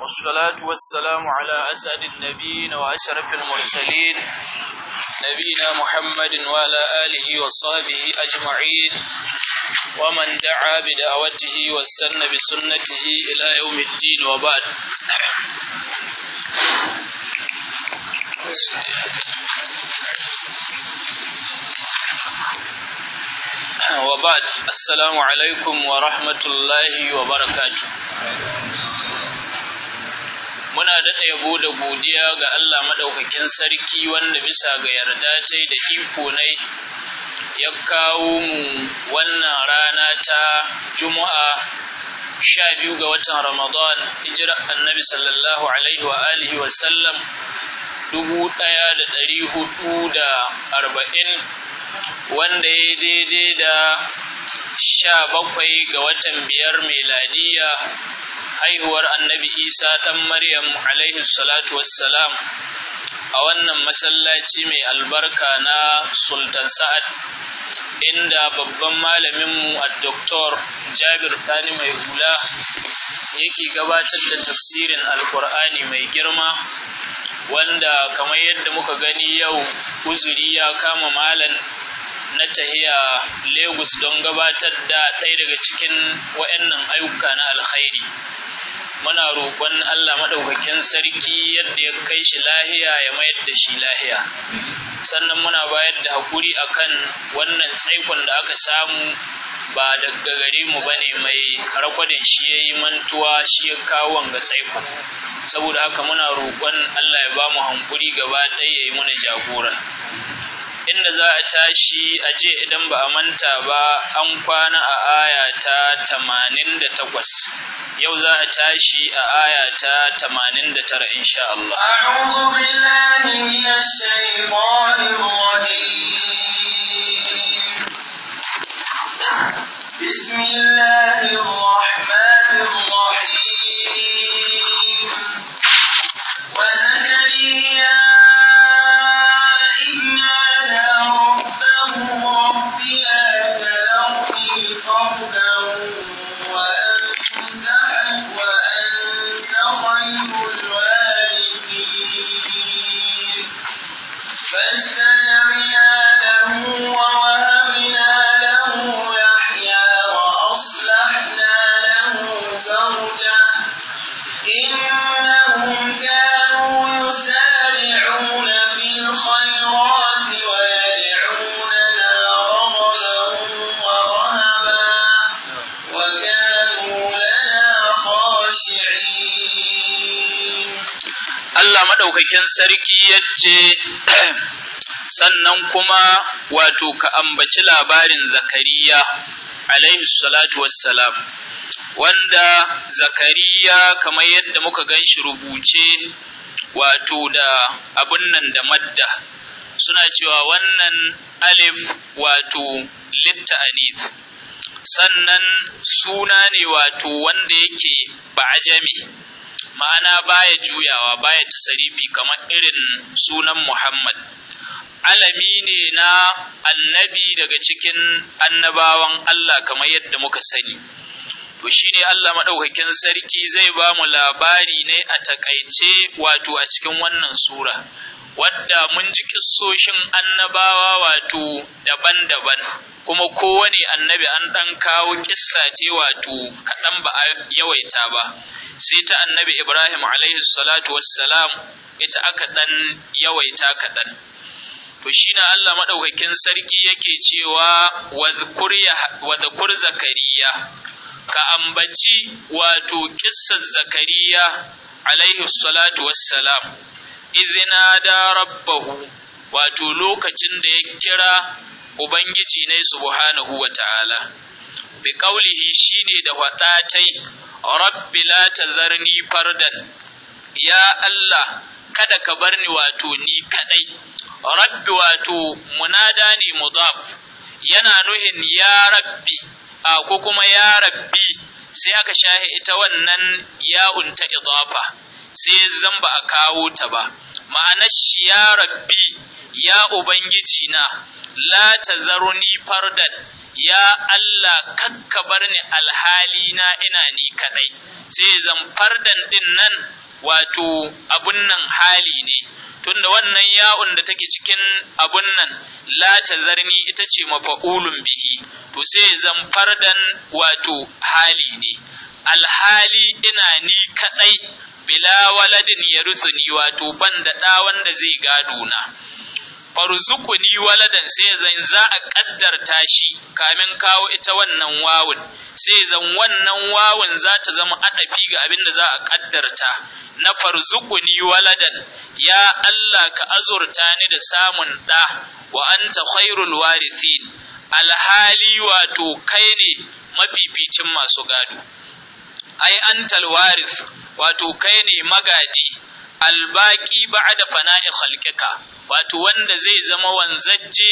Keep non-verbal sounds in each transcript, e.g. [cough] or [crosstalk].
والصلاة والسلام على أسعد النبيين وأشرف المرسلين نبينا محمد وعلى آله وصحبه أجمعين ومن دعا بدعوته واستنى بسنته إلى يوم الدين وبعد وبعد السلام عليكم ورحمة الله وبركاته muna daɗa yabo da godiya ga Allah maɗaukakin sarki wanda bisa ga yarda ta da iko nai ya kawo mu wannan rana ta Juma'a sha biyu ga watan Ramadan hijira annabi sallallahu alaihi wa alihi wa sallam dubu ɗaya da ɗari hudu da arba'in wanda ya daidai da sha bakwai ga watan biyar meladiya haihuwar annabi isa ɗan maryam alaihi salatu wassalam a wannan masallaci mai albarka na sultan sa'ad inda babban malaminmu a doktor jabir sani mai hula yake gabatar da tafsirin alkur'ani mai girma wanda kamar yadda muka gani yau uzuri ya kama malam na tahiya Legas don gabatar da ɗaya daga cikin wa'annan ayyuka na alkhairi. muna roƙon Allah maɗaukakin sarki yadda ya kai shi lahiya ya mayar da shi lahiya sannan muna bayar da haƙuri akan wannan tsaikon da aka samu ba daga gare mu ne mai rakwadin shi ya yi mantuwa shi ya kawo wanga tsaikon saboda haka muna roƙon Allah ya ba mu hankuri gaba ɗaya ya yi mana jagora inda za a tashi a je idan ba a manta ba an kwana a aya ta tamanin da takwas yau za a tashi a aya ta tamanin da tara insha Allah. بسم الله الرحمن الرحيم sarki ya ce [clears throat] sannan kuma wato ka ambaci labarin zakariya alaihi salatu wassalam wanda zakariya kamar yadda muka gan shi rubuce wato da abun nan da madda suna cewa wannan alif wato litta'anith sannan suna ne wato wanda yake ba'ajami ma'ana baya juyawa baya tasarifi kamar irin sunan Muhammad alami ne na annabi daga cikin annabawan Allah kamar yadda muka sani to shine Allah madaukakin sarki zai ba mu labari ne a takaice wato a cikin wannan sura wadda mun ji kissoshin annabawa wato daban-daban kuma kowane annabi an ɗan kawo kissa ce wato kaɗan ba a yawaita ba sai ta annabi ibrahim alaihi salatu wassalam ita aka ɗan yawaita kaɗan to shi na allah maɗaukakin sarki yake cewa wa zakur zakariya ka ambaci wato kissar zakariya alaihi salatu wassalam izina da rabbahu wato lokacin da ya kira ubangiji ne subhanahu wa ta'ala bi shi shine da wadatai rabbi la tazarni fardan ya Allah kada ka bar ni wato ni kaɗai. rabbi wato munada ne mudaf yana nuhin ya rabbi a ko kuma ya rabbi sai aka shahi ita wannan ya ta idafa sai zan ba a kawo ta ba ma'anar shi ya rabbi ya ubangiji na la zaruni fardan ya Allah kakka bar ni alhali na ina ni kadai sai zan fardan din nan wato abun nan hali ne tunda wannan ya'un da take cikin abun nan la zarni ita ce mafa'ulun bihi to sai zan fardan wato hali ne alhali ina ni kadai bila waladin ya rusuni wato ban da ɗa wanda zai gado na ni waladan sai zan za a kaddarta shi kamin kawo ita wannan wawun sai zan wannan wawun za ta zama adafi ga abin da za a kaddarta na ni waladan ya Allah ka azurta ni da samun ɗa wa anta khairul warithin alhali wato kai ne mafificin masu gado ai antal waris wato kai ne magaji albaki ba'da fana'i khalqika wato wanda zai zama wanzacce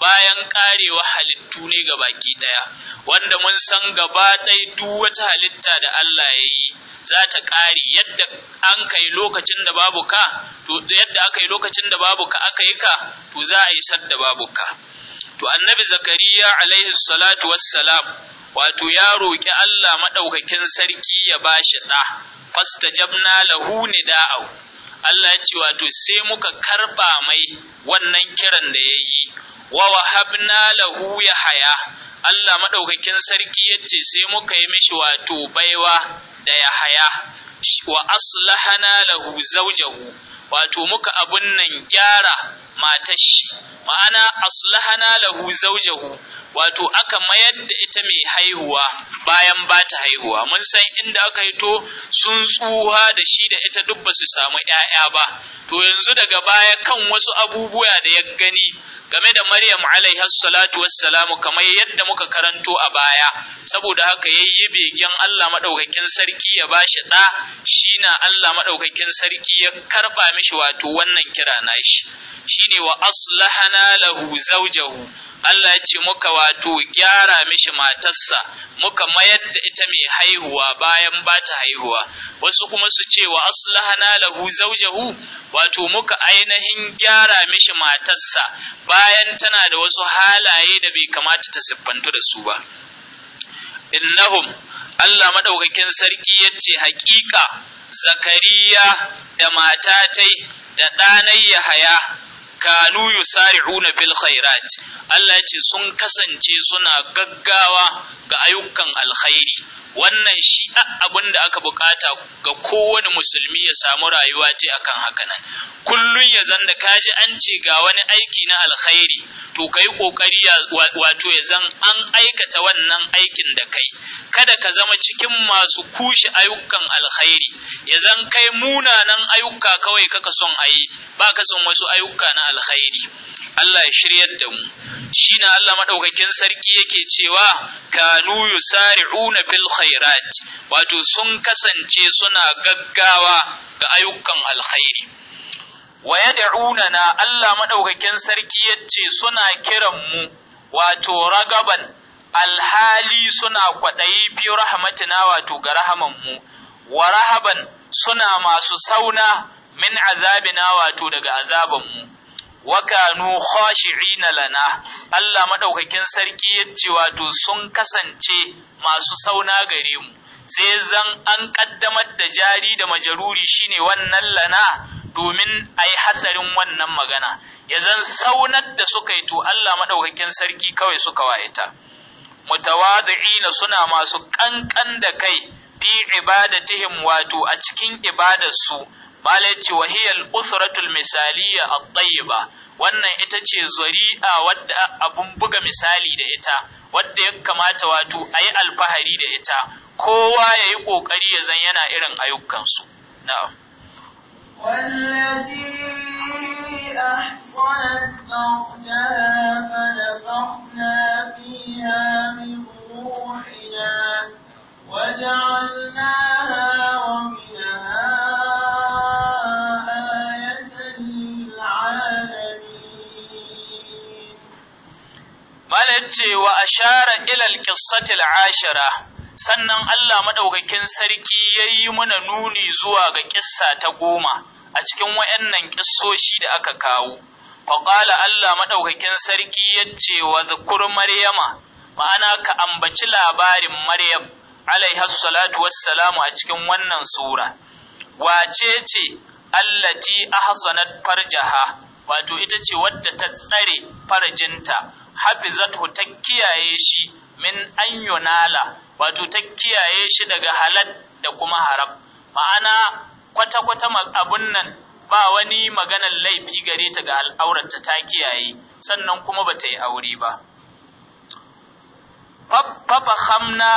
bayan karewa halittu ne ga baki daya wanda mun san gaba ɗaya duk wata halitta da Allah ya yi za ta ƙare yadda an kai lokacin da babu ka to yadda aka yi lokacin da babu ka aka yi ka to za a yi sadda babu ka to annabi zakariya alaihi salatu wassalam wato ya roƙi Allah maɗaukakin sarki ya ba shi ɗa, fasta jabna lahu ni da'au, Allah ce wato sai muka karɓa mai wannan kiran da ya yi, wa wahabna lahu ya haya, Allah maɗaukakin sarki ya ce sai muka yi mishi wato baiwa da ya haya, wa aslahana lahu zaujahu, wato muka abun nan gyara matar shi ma'ana aslahana lahu zawjahu wato aka mayar da ita mai haihuwa bayan ba ta haihuwa mun san inda aka yi to sun tsuha da shi da ita duk ba su samu 'ya'ya ba to yanzu daga baya kan wasu abubuwa da ya gani game da Maryam alaiha salatu wassalamu kamar yadda muka karanto a baya saboda haka yayi begen Allah madaukakin sarki ya bashi da na Allah madaukakin sarki ya karba mishi wato wannan kira na shi shine wa aslahana lahu zawjahu Allah yace muka wato gyara mishi matarsa muka mayar da ita mai haihuwa bayan ba ta haihuwa wasu kuma su ce wa aslahana lahu zawjahu wato muka ainihin gyara mishi matarsa bayan tana da wasu halaye da bai kamata ta siffantu da su ba innahum Allah madaukakin sarki yace hakika Zakariya da matatai da ɗanai haya. kanu yusari'una bil khairat Allah ya ce sun kasance suna gaggawa ga ayyukan alkhairi wannan shi abin da aka bukata ga kowane musulmi ya samu rayuwa ce akan haka nan kullun ya zan da kaji an ce ga wani aiki na alkhairi to kai kokari wato ya zan an aikata wannan aikin da kai kada ka zama cikin masu kushi ayyukan alkhairi ya zan kai munanan ayyuka kawai kaka son ayi ba ka son wasu ayyuka na alkhairi Allah ya shiryar da mu shi na Allah maɗaukakin sarki yake cewa kanu yusari'una fil khairat wato sun kasance suna gaggawa ga ayyukan alkhairi wa na Allah maɗaukakin sarki yace suna kiran mu wato ragaban alhali suna kwaɗayi fi rahmatina wato ga rahaman mu wa rahaban suna masu sauna min azabina wato daga azaban mu. wa kanu khashi'ina lana Allah madaukakin sarki yace wato sun kasance masu sauna gare mu sai zan an kaddamar da jari da majaruri shine wannan lana domin ai hasarin wannan magana ya zan saunar da suka yi to Allah madaukakin sarki kawai suka wa'ita mutawadi'ina suna masu kankan da kai fi ibadatihim wato a cikin ibadarsu su Malai ce wahiyar usratul misaliya a tsayiba, wannan ita ce zuri'a wadda abun buga misali da ita, wadda ya kamata wato a yi alfahari da ita, kowa ya yi ƙoƙari ya zan yana irin ayyukansu. وجعلناها ومنها malam ce wa ashara ilal qissatil ashira sannan Allah Maɗaukakin sarki ya yi mana nuni zuwa ga kissa ta goma a cikin wayannan kissoshi da aka kawo fa Allah Maɗaukakin sarki yace wa zukur maryama ma'ana ka ambaci labarin maryam alaiha salatu wassalamu a cikin wannan sura wace ce allati ahsanat farjaha wato ita ce wadda ta tsare farjinta Hafizatu ta kiyaye shi min an yunala wato ta kiyaye shi daga halal da kuma haram ma'ana kwata-kwata abun nan ba wani maganar laifi gare ta ga al'aurata ta kiyaye sannan kuma ba ta yi aure ba fafahamna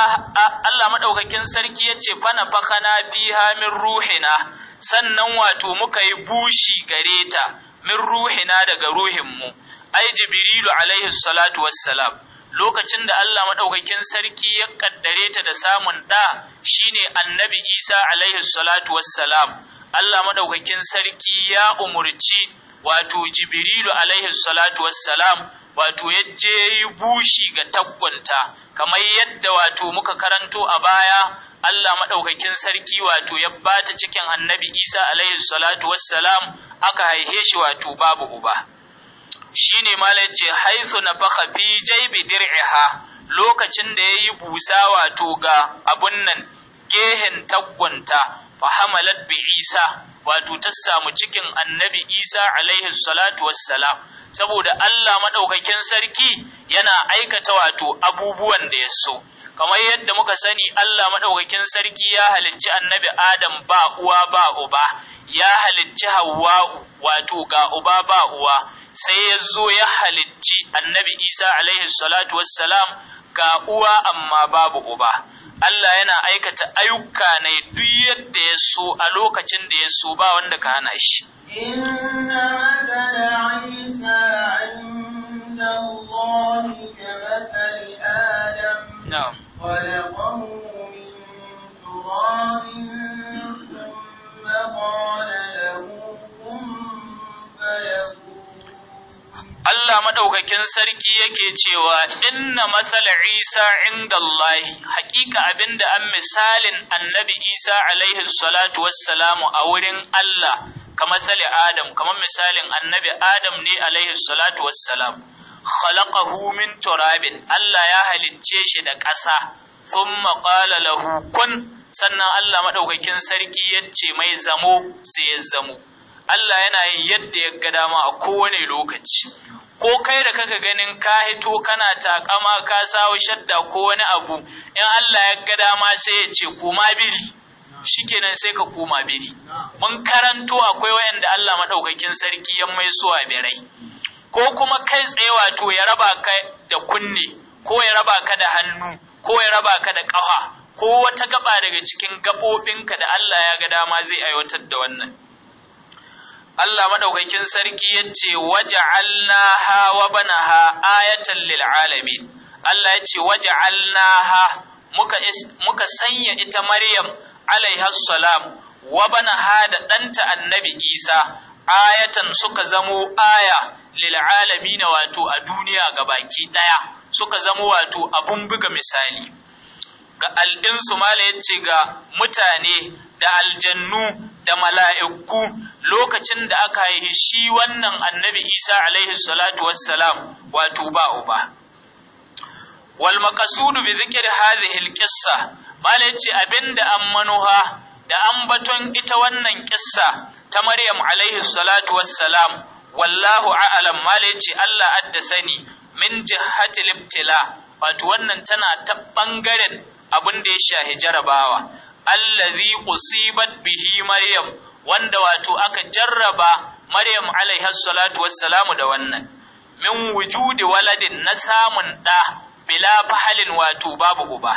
Allah madaukakin sarki yace fana fakhana fiha min ruhina sannan wato muka yi bushi gare ta min ruhina daga ruhin mu ai jibrilu alaihi salatu wassalam lokacin da Allah madaukakin sarki ya kaddare ta da samun da shine annabi Isa alaihi salatu wassalam Allah madaukakin sarki ya umurci wato jibrilu alaihi salatu wassalam wato yaje yi bushi ga takwanta kamar yadda wato muka karanto a baya Allah maɗaukakin sarki wato ya bata cikin annabi Isa alaihi salatu wassalam aka haihe shi wato babu uba. shine malam ce haisu nafakha fi jaybi dir'iha lokacin da yayi busa wato ga abun nan gehen tagwanta fa hamalat bi isa wato ta samu cikin annabi isa alaihi salatu wassalam saboda Allah madaukakin sarki yana aikata wato abubuwan da ya so kamar yadda muka sani Allah madaukakin sarki ya halicci annabi Adam ba uwa ba uba ya halicci Hawwa wato ga uba ba uwa sai ya zo ya halicci annabi Isa alaihi salatu wassalam ga uwa amma babu uba Allah yana aikata ayyuka ne duk yadda ya so a lokacin da ya so ba wanda ka hana shi inna Allah maɗaukakin sarki yake cewa inna matsala Isa inda Allah hakika abinda an misalin annabi Isa alaihi salatu wassalamu a wurin Allah ka tsali Adam kamar misalin annabi Adam ne alaihi salatu wassalam khalaqahu min turabin Allah ya halicce shi da ƙasa thumma qala lahu kun sannan Allah maɗaukakin sarki yace mai zamo sai ya zamo Allah yana yin yadda ya ga dama a kowane lokaci ko kai da kaka ganin ka hito kana takama ka sawo shadda ko wani abu in Allah ya ga dama sai ya ce kuma biri shikenan sai ka koma biri mun karanto akwai wayanda Allah madaukakin sarki ya mai suwa birai ko kuma kai tsaye wato ya raba ka da kunne ko ya raba ka da hannu ko ya raba ka da kafa ko wata gaba daga cikin gaɓoɓinka da Allah ya ga dama zai aiwatar da wannan Allah madaukakin sarki yace waja'alnaha wa banaha ayatan lil alamin Allah yace waja'alnaha muka muka sanya ita Maryam alaiha salam wa banaha da danta Annabi Isa ayatan suka zamo aya lil alamin wato a duniya gabaki ɗaya, suka zamo wato abun buga misali ga al'insu mala yace ga mutane da aljannu da mala'iku lokacin da aka yi shi wannan annabi Isa alaihi salatu wassalam wato ba uba. Wal maqasudu bi maleci hadhihi al-qissa abinda an manuha da ambaton ita wannan kissa ta Maryam alaihi salatu wassalam wallahu a'lam maleci Allah adda sani min jihati al-ibtila wato wannan tana ta bangaren abin da ya shahi jarabawa allazi qusibat bihi maryam wanda wato aka jarraba maryam alaiha salatu wassalamu da wannan min wujudi waladin na samun da bila fahalin wato babu uba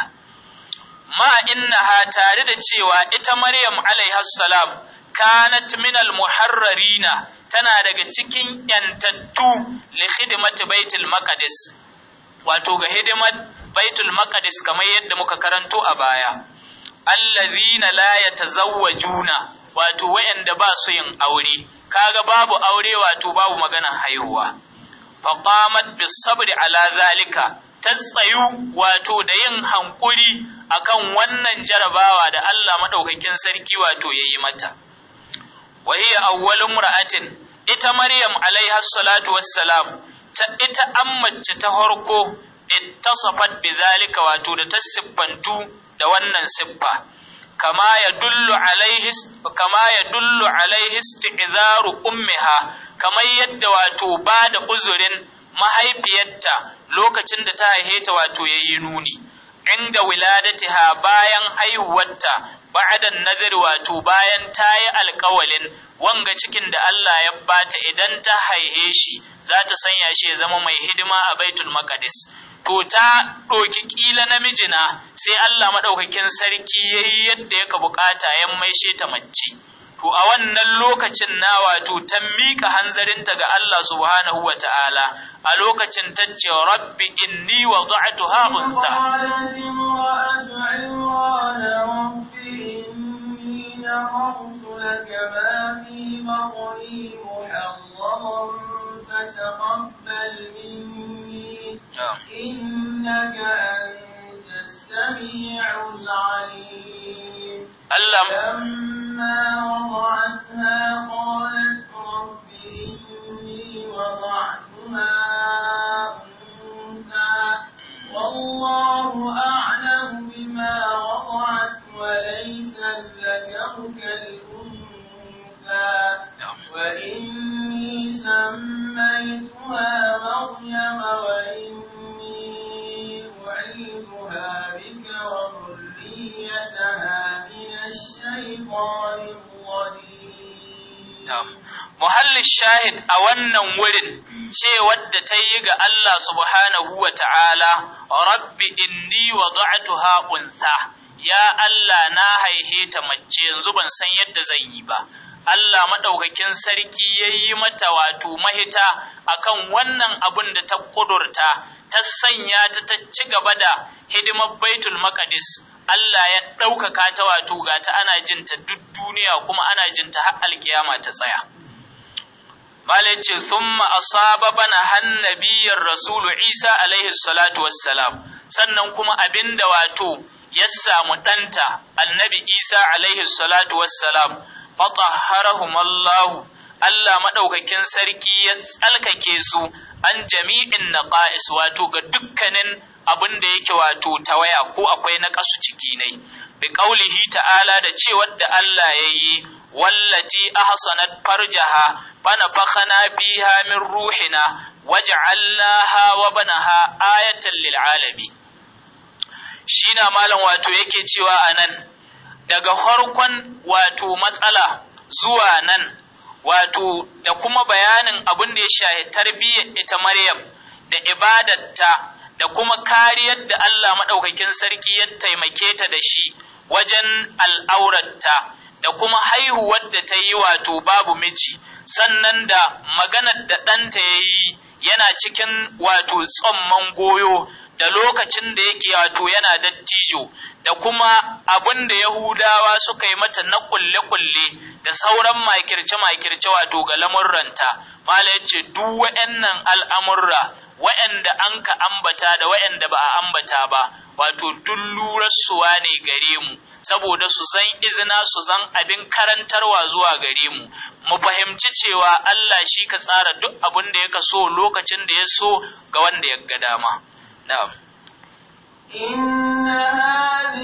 ma innaha tare da cewa ita maryam alaiha salam kanat min muharrarina tana daga cikin yantattu li khidmat baitul maqdis wato ga Hidimat baitul maqdis kamar yadda muka karanto a baya allazina la yatazawwajuna wato wayanda ba su yin aure kaga babu aure wato babu magana haihuwa bis bisabri ala zalika tatsayu wato da yin hankuri akan wannan jarabawa da Allah madaukakin sarki wato yayi mata wa hiya awwalu mura'atin ita maryam alaiha salatu wassalam ta ita an ta harko ittasafat bi zalika wato da ta siffantu da wannan siffa kama ya dullu alaihi kama ya dullu alaihi isti'zaru ummiha kamar yadda wato ba da uzurin mahaifiyarta lokacin da ta haihe ta wato yayi nuni inda wiladatiha bayan haihuwarta ba'adan nazar wato bayan ta yi alkawalin wanga cikin da Allah ya bata idan ta haihe shi za ta sanya shi ya zama mai hidima a baitul maqdis to ta ɗoki ƙila namiji na sai Allah maɗaukakin sarki ya yi yadda yaka bukata ya maishe ta mace. To a wannan lokacin na wato ta miƙa hanzarinta ga Allah subhanahu wa ta'ala a lokacin ta ce rabbi inni wa za'atu haɓunsa. نعم. إنك أنت السميع العليم لما وضعتها قالت رب إني وضعتها أنثى والله أعلم بما وضعت وليس الذكر كالأنثى وإني سميتها مريم وإني أعيذها بك وذريتها من الشيطان الرجيم muhallin shahid a wannan wurin cewar da ta yi ga Allah subhanahu wa ta'ala, Rabbi inni wa za'atuha unsa, ya Allah na haihe ta mace yanzu ban san yadda zan yi ba, Allah maɗaukakin sarki ya yi mata wato mahita a kan wannan abin da ta ƙudurta, ta sanya ta ta ci gaba da hidimar baitul maqdis Allah ya ɗaukaka ta wato ga ta ana jinta duk duniya kuma ana jinta har alkiyama ta tsaya. Malai Summa asaba bana hannabiyar Rasulu Isa alaihi salatu wassalam, sannan kuma abinda wato ya samu ɗanta annabi Isa alaihi salatu wassalam, fatahharahum Allah Allah madaukakin sarki ya tsalkake su an jami'in naqais wato ga dukkanin abin da yake wato ta waya ko akwai na kasu ciki ne bi qaulihi ta'ala da cewar da Allah yayi wallati ahsanat farjaha fakhana biha min ruhina waj'alnaha wa banaha ayatan lil Shi na malam wato yake cewa anan daga farkon wato matsala zuwa nan wato da kuma bayanin abin da ya shahi tarbiyyar ita Maryam da ibadarta da kuma kariyar da Allah maɗaukakin sarki ya taimake ta da shi wajen al'aurarta da kuma haihuwar da ta yi wato babu miji sannan da maganar da ɗanta ya yi yana cikin wato tsomman goyo da lokacin da yake wato yana dattijo da kuma abin da Yahudawa suka yi mata na kulle-kulle da sauran makirce-makirce wato ga lamurranta, Mala ya ce, duk waɗannan al'amurra wayanda an ka ambata da wayanda ba a ambata ba, wato duk lurarsuwa ne gare mu, saboda su san izina su san abin karantarwa zuwa gare mu, mu fahimci cewa Allah shi ka tsara duk abin da ya so lokacin da ya so ga wanda ya ga dama. Na'am. Allah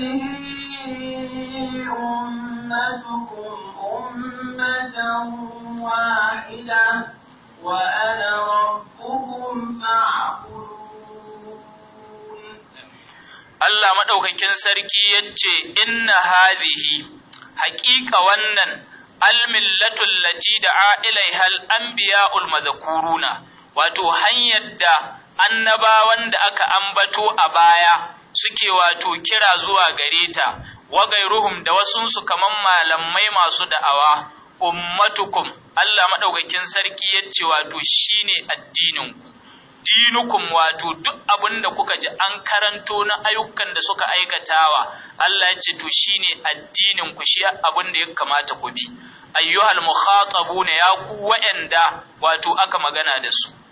maɗaukakin sarki ya ce, Inna hadihi, haƙiƙa wannan almillatullaci da a’ilai hal’an biya ulmazakuruna, wato hanyar da annabawan da aka ambato a baya suke wato kira zuwa gare ta wa gairuhum da wasunsu kaman malamai masu da'awa ummatukum Allah maɗaukakin sarki yace wato shine addinin ku dinukum wato duk abin da kuka ji an karanto na ayyukan da suka aikatawa Allah ya ce to shine addinin ku shi abin da ya kamata ku bi ayyuhal mukhatabuna ya ku wa'anda wato aka magana da su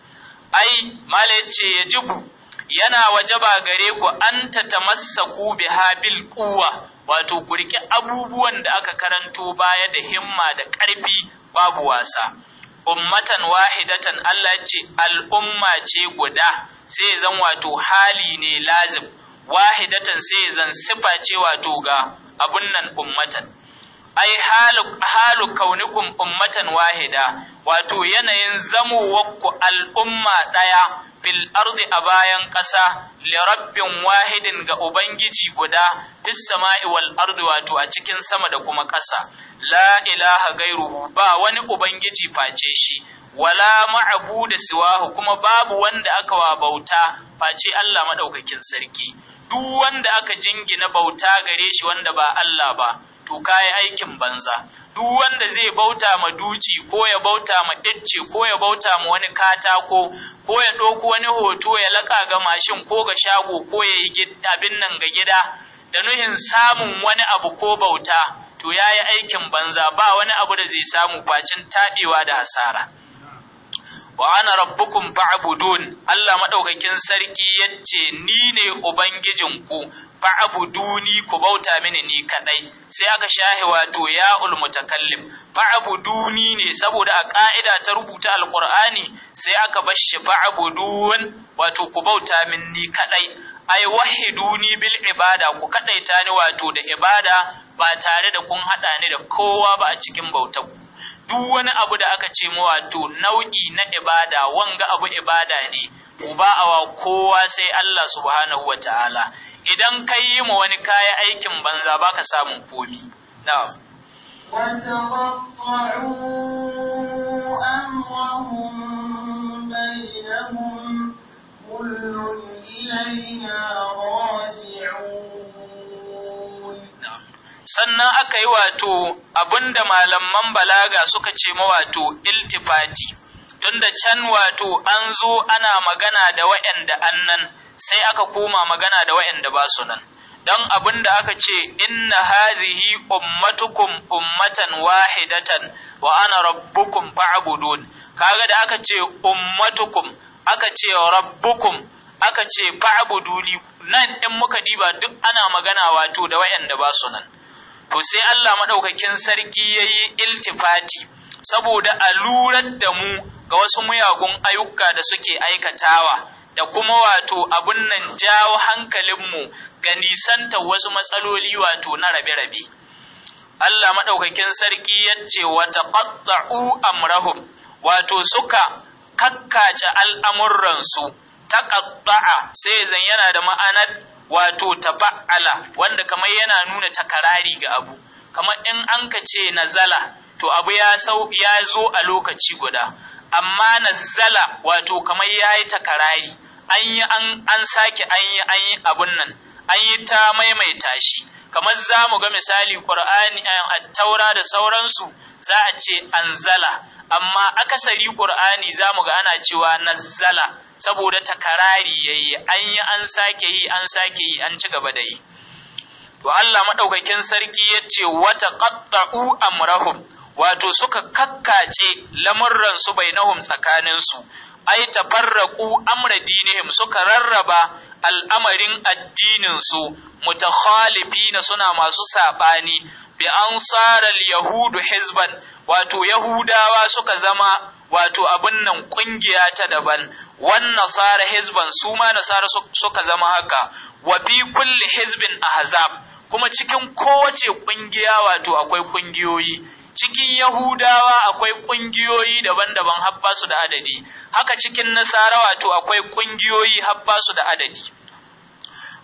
ai mala yace yajibu yana wajaba gare ku an tamassaku bi habil kuwa wato ku rike abubuwan da aka karanto baya da himma da ƙarfi babu wasa ummatan wahidatan Allah ce al'umma ce guda sai zan wato hali ne lazim wahidatan sai zan sifa ce wato ga abun nan ummatan ai halu halu kaunikum ummatan wahida wato yanayin zamuwarku al'umma daya fil ardi a bayan ƙasa li rabbin wahidin ga ubangiji guda fis sama'i wal ardi wato a cikin sama da kuma ƙasa la ilaha gairu ba wani ubangiji face shi wala ma'abu da siwahu kuma babu wanda aka wa bauta face Allah madaukakin sarki duk wanda aka jingina bauta gare shi wanda ba Allah ba to kayi aikin banza duk wanda zai bauta ma duci ko ya bauta ma dicce ko ya bauta ma wani katako ko ya ɗauko wani hoto ya laƙa ga mashin ko ga shago ko ya yi abin nan ga gida da nuhin samun wani abu ko bauta to ya yi aikin banza ba wani abu da zai samu facin taɗewa da hasara wa ana rabbukum fa'budun Allah madaukakin sarki yace ni ne ubangijin ku fa'buduni ku bauta mini ni kadai sai aka shahi wato ya ul mutakallim fa'buduni ne saboda a ka'ida ta rubuta alqur'ani sai aka bashi fa'budun wato ku bauta min ni kadai ai wahiduni bil ibada ku kadaita ni wato da ibada ba tare da kun hada ni da kowa ba a cikin bautar duk wani abu da aka ce mu wato nau'i na ibada wanga abu ibada ne uba awa kowa sai Allah subhanahu wataala idan kai yi mu wani kaya aikin banza baka samu komi na'am amrahum sannan aka yi wato abinda malaman balaga suka ce ma wato iltifati tunda can wato an zo ana magana da an annan sai aka koma magana da wayanda ba su nan don abinda aka ce inna hadhihi ummatukum ummatan wahidatan wa ana rabbukum fa'budun kaga da aka ce ummatukum aka ce rabbukum aka ce fa'buduni nan in muka diba duk ana magana wato da wa'anda ba su nan to sai Allah maɗaukakin sarki ya yi iltifati saboda a da mu ga wasu muyagun ayyuka da suke aikatawa da kuma wato abun nan jawo hankalinmu ga nisanta wasu matsaloli wato na rabe-rabe. Allah maɗaukakin sarki ya ce wata ƙaɗa'u amrahum wato suka kakkace al'amuransu ta ƙaɗa'a sai zan yana da ma'anar wato tafa'ala wanda kamar yana nuna takarari ga abu kamar in an ka ce nazala to abu ya sau ya zo a lokaci guda amma nazala wato kamar yayi takarari an yi an sake an yi an yi abun nan an yi ta maimaita shi kamar za mu ga misali Qur'ani eh, a taura da sauransu za a ce anzala amma akasari Qur'ani za mu ga ana cewa nazzala saboda takarari yayi an yi an sake yi an sake yi an ci gaba da yi to Allah madaukakin sarki yace wata qatta'u amrahum wato suka kakkace lamurransu bainahum tsakaninsu ai tafarraqu amra dinihim suka rarraba al'amarin addininsu mutakhalifina suna masu saɓani, bi ansar al-yahudu hizban wato yahudawa suka zama wato abin nan ƙungiya ta daban wannan tsara hizban su ma nasara suka zama haka wa bi kulli hizbin ahzab kuma cikin kowace ƙungiya wato akwai ƙungiyoyi. cikin Yahudawa akwai ƙungiyoyi daban-daban habbasu da adadi, haka cikin Nasara wato akwai ƙungiyoyi habbasu da adadi.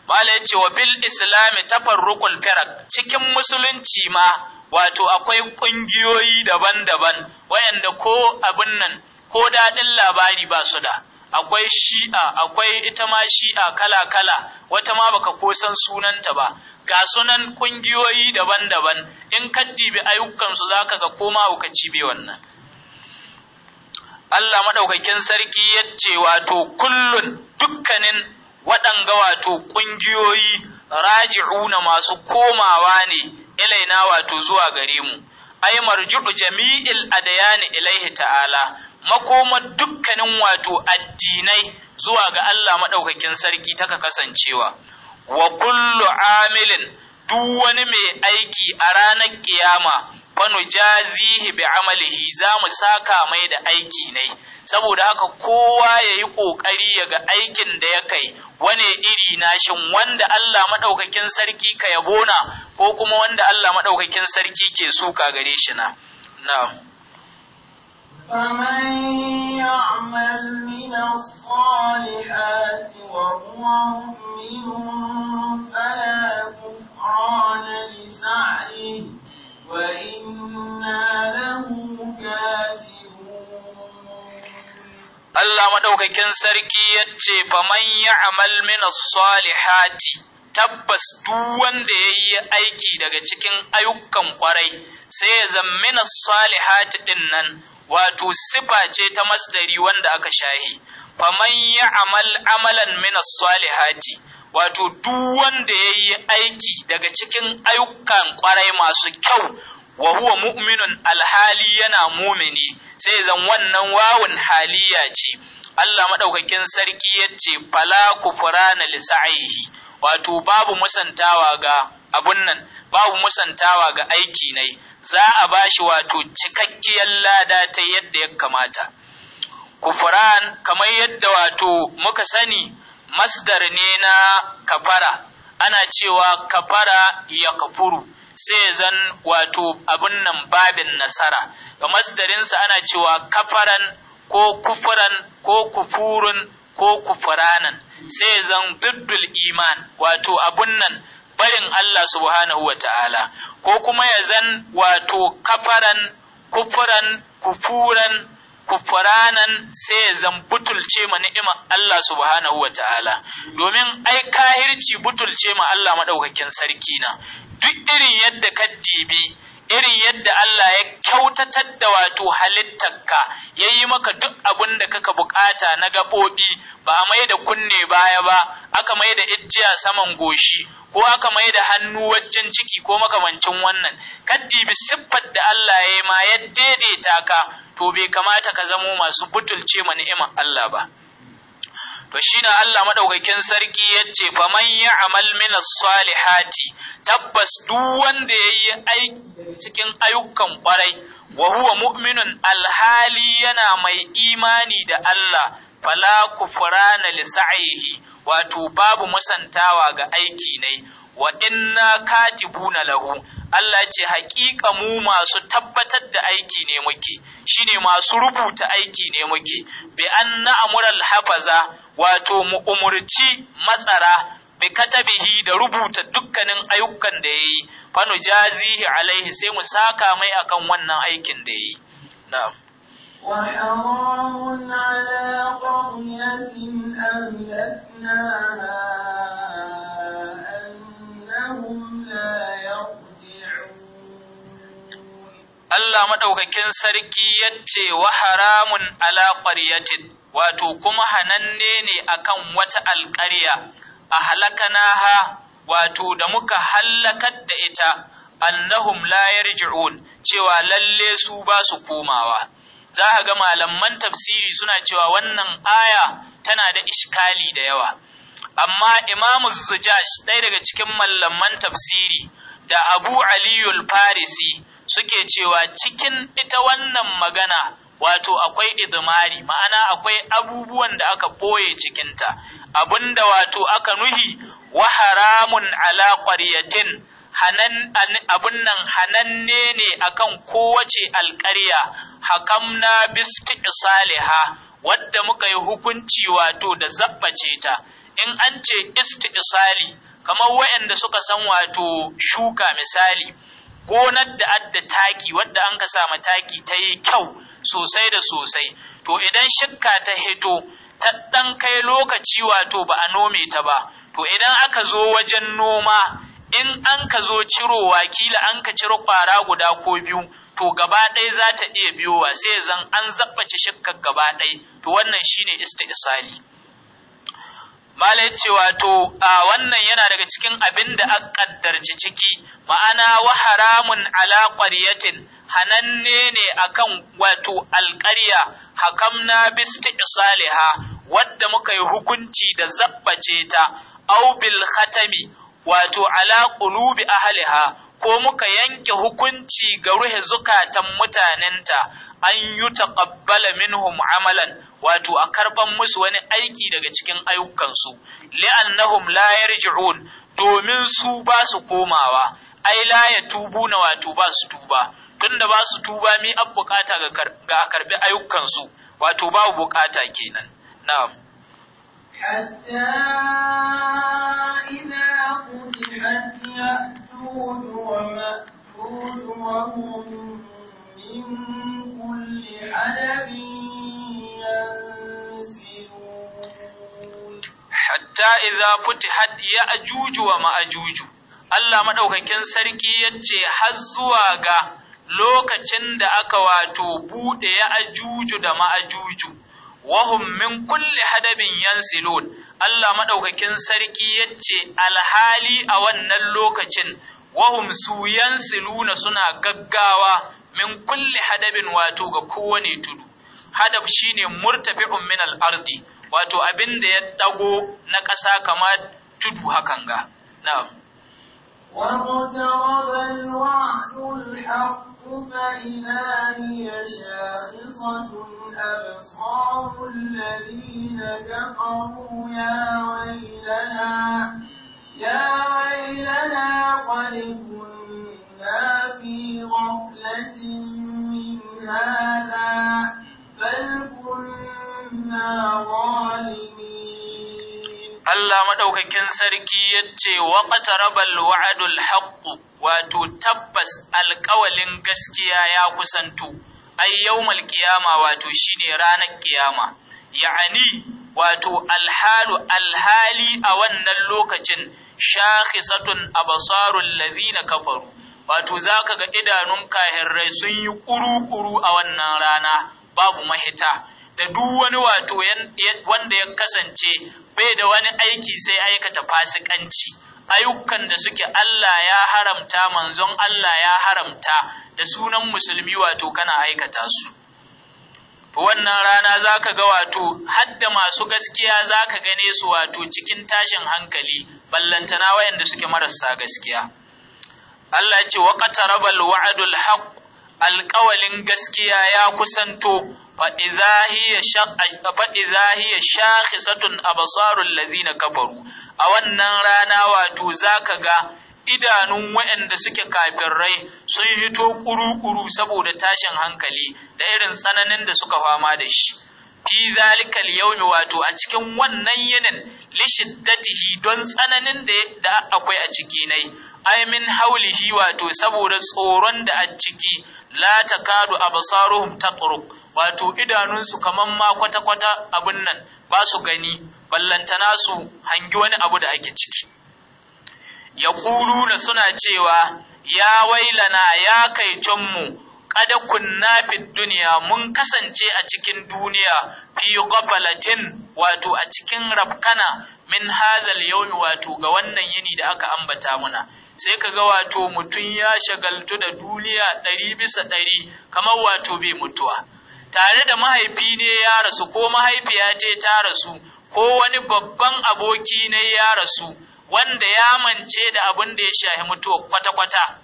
Mala ya ce wa bil Islami tafarruqul firak cikin musulunci ma wato akwai ƙungiyoyi daban-daban wayanda ko abin nan ko daɗin labari ba su da. akwai shi'a akwai ita ma shi'a kala-kala wata ma baka kosan sunanta ba ga sunan kungiyoyi daban-daban in kaddibi ayyukansu zaka ga koma ka cibe wannan Allah maɗaukakin sarki ya ce wato kullun dukkanin waɗanga wato kungiyoyi raji'una masu komawa ne ilaina wato zuwa gare mu ay marjudu jami'il adayani ilaihi ta'ala makoma dukkanin wato addinai zuwa ga Allah maɗaukakin sarki taka kasancewa wa kullu amilin duk wani mai aiki a ranar kiyama nu jazihi bi amalihi za mu saka mai da aiki ne saboda haka kowa ya yi ƙoƙari yaga aikin da ya kai wane iri nashin wanda Allah maɗaukakin sarki ka yabona ko kuma wanda Allah maɗaukakin sarki ke suka gare shi na. فمن Allah maɗaukakin sarki ya ce, Faman ya amal mina salihati, tabbas duk wanda ya yi aiki daga cikin ayyukan ƙwarai, sai ya zammina salihati ɗin nan, wato sifa ce ta masdari wanda aka shahi faman ya amal amalan min salihati wato duk wanda yayi aiki daga cikin ayyukan kwarai masu kyau wa huwa mu'minun alhali yana mumini sai zan wannan wawun haliya ce Allah madaukakin sarki yace fala kufrana lisa'ihi wato babu musantawa ga abun nan babu musantawa ga aiki ne, za a ba shi wato cikakkiyar lada ta yadda ya kamata kufran kamar yadda wato muka sani masdar ne na kafara ana cewa kafara ya kafuru sai zan wato abun nan babin nasara ga masdarinsa ana cewa kafaran ko kufuran ko kufurun ko kufuranan sai zan duddul iman wato abun nan barin Allah subhanahu wa ta'ala, ko kuma ya zan wato kafaran, kufuran, kufuran, kufuranan sai ya zan butulce ma ni'imar Allah subhanahu wa ta'ala, domin ai kahirci butulce ma Allah maɗaukakin sarki na, duk irin yadda ka dibi. irin yadda Allah ya kyautatar da wato halittarka ya yi maka duk abin da kaka bukata na gaɓoɓi ba a mai da kunne baya ba aka mai da ijiya saman goshi ko aka mai da hannu wajen ciki ko makamancin wannan kaddi bi siffar da Allah ya ma ya daidaita ka to bai kamata ka zamo masu butulce ma ni'imar Allah ba to shine Allah maɗaukakin sarki yace faman ya'mal min as-salihati tabbas duk wanda yayi yi cikin ayyukan kwarai wa huwa mu'minun alhali yana mai imani da Allah fala kufrana li sa'ihi wato babu musantawa ga aiki ne wa inna katibuna lahu Allah ce haƙiƙa mu masu tabbatar da aiki ne muke shine masu rubuta aiki ne muke bi anna amral hafaza wato mu umurci matsara bi katabihi da rubuta dukkanin ayyukan da yayi fa nujazihi alaihi sai mu saka mai akan wannan aikin da yayi na'am وحرام على قرية أهلكناها Allah maɗaukakin sarki yace wa haramun ala ƙwaryatin, wato kuma hananne ne akan wata alƙarya, a ha, wato da muka hallakar da ita, annahum la yarji'un cewa lalle su ba su komawa. Za a ga malaman tafsiri suna cewa wannan aya tana da ishkali da yawa. amma Imam sujash ɗaya daga cikin mallaman tafsiri da abu aliyul farisi suke cewa cikin ita wannan magana wato akwai idmari ma'ana akwai abubuwan da aka ɓoye cikinta abinda wato aka nuhi wa haramun ala ƙwaryatin abin nan hananne ne akan kowace alƙarya hakamna bisti Saliha, wadda muka yi hukunci wato da zabbace ta in an ce istisali kamar waɗanda suka san wato shuka misali gonar da adda taki wadda an ka sama taki ta kyau sosai da sosai to idan shakka ta hito ta ɗan kai lokaci wato ba a nome ta ba to idan aka zo wajen noma in an ka zo ciro kila an ka ciro ƙwara guda ko biyu to gaba ɗaya za ta iya biyowa sai zan an zaɓace shakkar gaba ɗaya to wannan shine istisali malai ce wato a wannan yana daga cikin abin da aka kaddarci ciki ma'ana wa haramun ala qaryatin hananne ne akan wato alƙarya hakamna bi istiqsaliha wadda muka yi hukunci da zabbace ta au bil khatami wato ala qulubi ahliha ko muka yanke hukunci ga ruhe zukatan mutanenta an yi taqabbala minhum amalan wato a karban musu wani aiki daga cikin ayyukansu li'annahum la yarji'un domin su ba su komawa ai la ya na wato ba su tuba tunda ba su tuba mi an bukata ga a karbi ayyukansu wato babu bukata kenan na'am حتى إذا فتحت ومأخوذ وهم من كل حدب حتى إذا فتحت يأجوج ومأجوج Allah maɗaukakin sarki ya ce, Har zuwa ga lokacin da aka wato buɗe ya ajuju da ma'ajuju, wahum min kulli hadabin yansilun Allah maɗaukakin sarki yace alhali a wannan lokacin wahum su yansiluna suna gaggawa min kulli hadabin wato ga kowane tudu hadab shine murtafi'un min al-ardi wato abin da ya dago na ƙasa kama tudu hakan ga na'am واقترب الوعد الحق فإذا هي شاخصة أبصار الذين كفروا يا ويلنا Allah maɗaukakin sarki ya ce, Waƙata rabar wa’adul haƙƙu, wato tabbas alkawalin gaskiya ya kusanto, ai yau mal wato shine ranar ƙiyama. ya'ani wato alhalu alhali a wannan lokacin shakhisatun abasarun lazina kafaru wato zaka ga idanun kahirrai sun yi kuru-kuru a wannan rana babu mahita da duk wani wato wanda ya kasance bai da wani aiki sai aikata fasikanci ayyukan da suke Allah ya haramta manzon Allah ya haramta da sunan musulmi wato kana aikata su wannan rana za ka ga wato hadda masu gaskiya za ka gane su wato cikin tashin hankali ballantana wayanda suke marasa gaskiya Allah ce wa qatarabal wa'dul haqq alqawlin gaskiya ya kusanto fa idza hiya shaqqa fa idza hiya shakhisatun a wannan rana wato za ka ga idanun waɗanda suke kafirrai sun hito ƙuru-ƙuru saboda tashin hankali da irin tsananin da suka fama da shi. Fi zalikal yaumi wato a cikin wannan yinin lishiddatihi don tsananin da akwai a ciki nai, ai min haulihi wato saboda tsoron da a ciki la takadu absaruhum taqruq wato idanunsu kaman ma kwata-kwata abin nan ba su gani ballantana su hangi wani abu da ake ciki. ya suna cewa ya wailana ya kai mu kada kunna fi duniya mun kasance a cikin duniya fi gafalatin wato a cikin rafkana min hadal yawmi wato ga wannan yini da aka ambata muna sai kaga wato mutum ya shagaltu da duniya ɗari bisa ɗari kamar wato bai mutuwa tare da mahaifi ne ya rasu ko mahaifiya ce ta rasu ko wani babban aboki ne ya rasu wanda ya mance da abin da ya shahi mutuwa kwata-kwata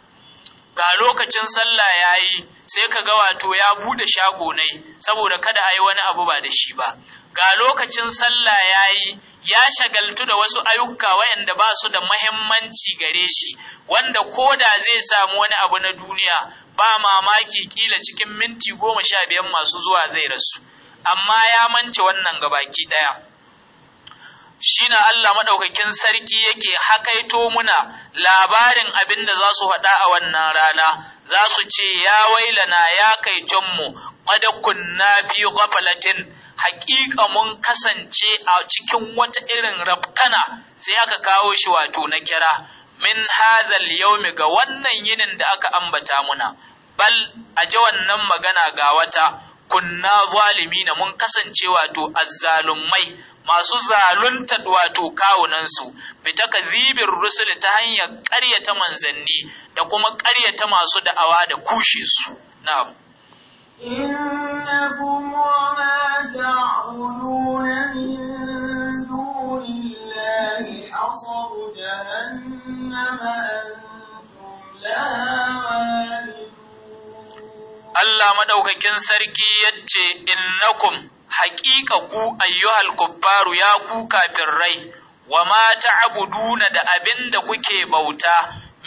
ga lokacin sallah ya yi sai ka ga wato ya bude shago ne saboda kada a yi wani abu ba da shi ba ga lokacin sallah ya yi ya shagaltu da wasu ayyuka wayanda ba su da muhimmanci gare shi wanda ko da zai samu wani abu na duniya ba mamaki kila cikin minti goma sha biyan masu zuwa zai rasu amma ya mance wannan gabaki ɗaya shine Allah maɗaukakin sarki yake hakaito muna labarin abin da za su faɗa a wannan rana za su ce ya wailana ya kai mu qad kunna fi ghaflatin haƙiƙa mun kasance a cikin wata irin rafkana sai aka kawo shi wato na kira min hadhal yawmi ga wannan yinin da aka ambata muna bal a ji wannan magana ga wata kunna zalimina mun kasance wato azzalumai masu zalunta wato kawunansu bi takdhibir rusul ta hanyar ƙaryata manzanni da kuma ƙaryata masu da'awa da kushe su na'am innakum wa ma ta'buduna min dunillahi asabu jahannama antum laha Allah madaukakin sarki yace innakum haƙiƙa ku ayyuhal kubbaru ya ku kafirrai wa ma ta'buduna da abinda kuke bauta